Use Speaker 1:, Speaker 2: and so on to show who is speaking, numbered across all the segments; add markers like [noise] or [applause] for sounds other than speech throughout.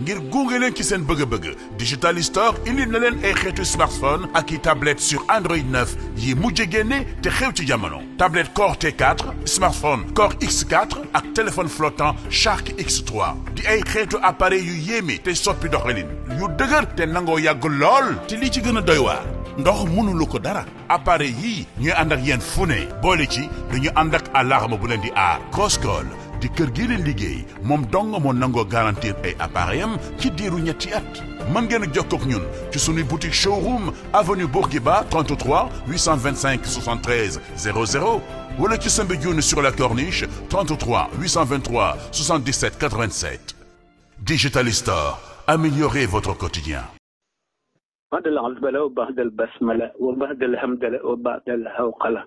Speaker 1: ngir gunge leen ci seen bëgg-bëgg digital store indi na leen ay xeetu smartphone ak i tablette sur Android 9 yi mu génne te xew ci jamono tablette Core te 4 smartphone Core X4 ak téléphone flottant Shark x di ay xeetu appareil yu yéeme te soppi doxalin yu dëgër te nangoo yàgg lool te li ci gën a doy waar ndox mënulu ko dara appareil yi ñu ànd ak yéen fu ne boole ci du ñu ànd ak ma bu leen di aar Crosscall di kër gi leen liggéey moom dong moo nangoo garantir ay appareil am ci diiru ñetti at mën ngeen a jokkoo ak ñun ci suñuy boutique showroom avenue Bourguiba 33 825 73 00 wala ci sambi junni sur la corniche 33 823 77 87 Digital Store améliorez votre quotidien
Speaker 2: بعد العزبلة وبعد البسملة وبعد الهمدلة وبعد الهوقلة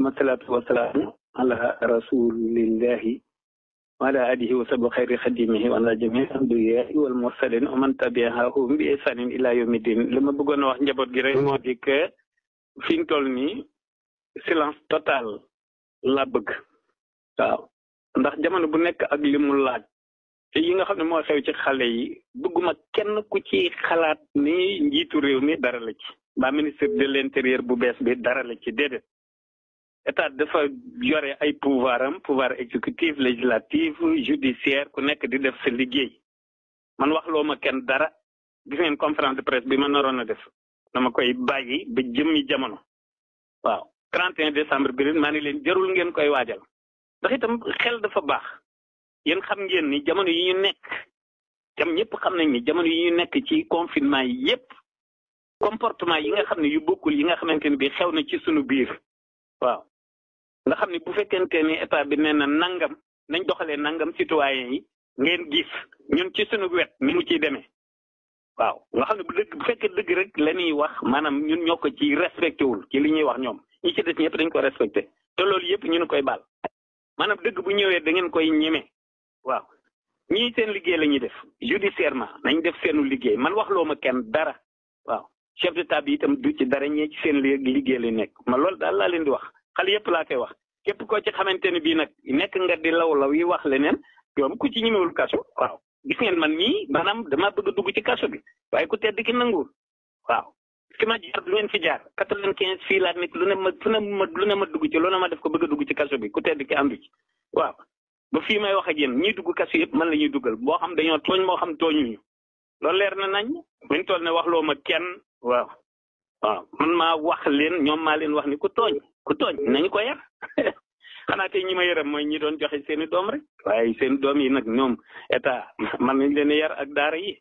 Speaker 2: والصلاة والسلام على رسول الله وعلى آله وصحبه خير خديمه وعلى جميع الأنبياء والمرسلين ومن تبعهم بإحسان إلى يوم الدين li ma bëggoona wax njaboot gi rek moo di que fi ñu toll nii silence total la bëgg waaw ndax jamono bu nekk ak limu laaj te yi nga xam ne moo xew ci xale yi bëgguma kenn ku ci xalaat ni njiitu réew mi dara la ci mbaa ministre de l'intérieur bu bees bi dara la ci déedéet état dafa yore ay pouvoir am pouvoir exécutif législatif judiciaire ku nekk di def sa liggéey man wax loo ma kenn dara gis ngeen conférence de presse bi ma naroon a def dama koy bàyyi ba jëmmi jamono waaw 31 décembre bi maa ngi leen jarul ngeen koy waajal ndax itam xel dafa baax yéen xam ngeen ni jamono yi ñu nekk ñëpp xam nañ ni jamono yi nekk ci confinement yi yépp comportement yi nga xam ne yu bokkul yi nga xamante ne bi xew na ci sunu biir waaw nga xam ne bu fekkente ni état bi nee na nangam nañ doxalee nangam citoyen yi ngeen gis ñun ci suñu wet ni mu ciy demee waaw nga xam ne bu dëgg bu fekkee dëgg rek la ñuy wax maanaam ñun ñoo ko ci respecté wul ci li ñuy wax ñoom ñi ñëpp dañ ko respecté te loolu yëpp ñu koy baal maanaam dëgg bu ñëwee da ngeen koy ñeme waaw ñii seen liggéey la ñuy def judiciairement nañ def seenu liggéey man wax loo ma kenn dara waaw chef d'état bi itam du ci dara ñee ci seen liggéey la nekk ma loolu daal laa leen di wax xale yëpp laa koy wax képp ko ci xamante ne bii nag nekk nga di law law yi wax leneen yoon ku ci ñemewul kaso waaw gis ngeen man nii maanaam damaa bëgg a dugg ci kaso bi waaye ku tedd ki nanguwul waaw ki ma jaar du ngeen fi jaar quatre-vingt-quinze fii laa ne ma fu ne ma lu ne ci lu ma def ko bëgg dugg ci bi ku tedd ki àndu ci waaw ba fii may wax ak yéen ñiy dugg kaso yëpp man la ñuy duggal boo xam dañoo tooñ moo xam tooñuñu loolu leer na nañ buñ toll ne loo ma kenn waaw waaw man maa wax leen ñoom maa leen wax ni ku tooñ ku tooñ nañu koy yar [laughs] xanaa tey ñi ma yaram mooy ñi doon joxe seen i doom rek waaye seen doom yi nag ñoom état [laughs] man nañ leen yar ak daara yi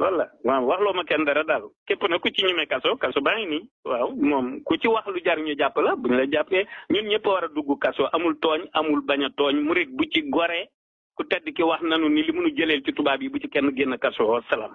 Speaker 2: lool la waaw waxloo ma kenn dara daal képp na ku ci ñemee kaso kaso baa ngi nii waaw moom ku ci wax lu jar ñu jàpp la bu ñu la jàppee ñun ñëpp war a dugg kaso amul tooñ amul bañ a tooñ murit bu ci goree ku tedd ki wax nanu ni li mënu jëleel ci tubaab yi bu ci kenn génn kaso wa salaam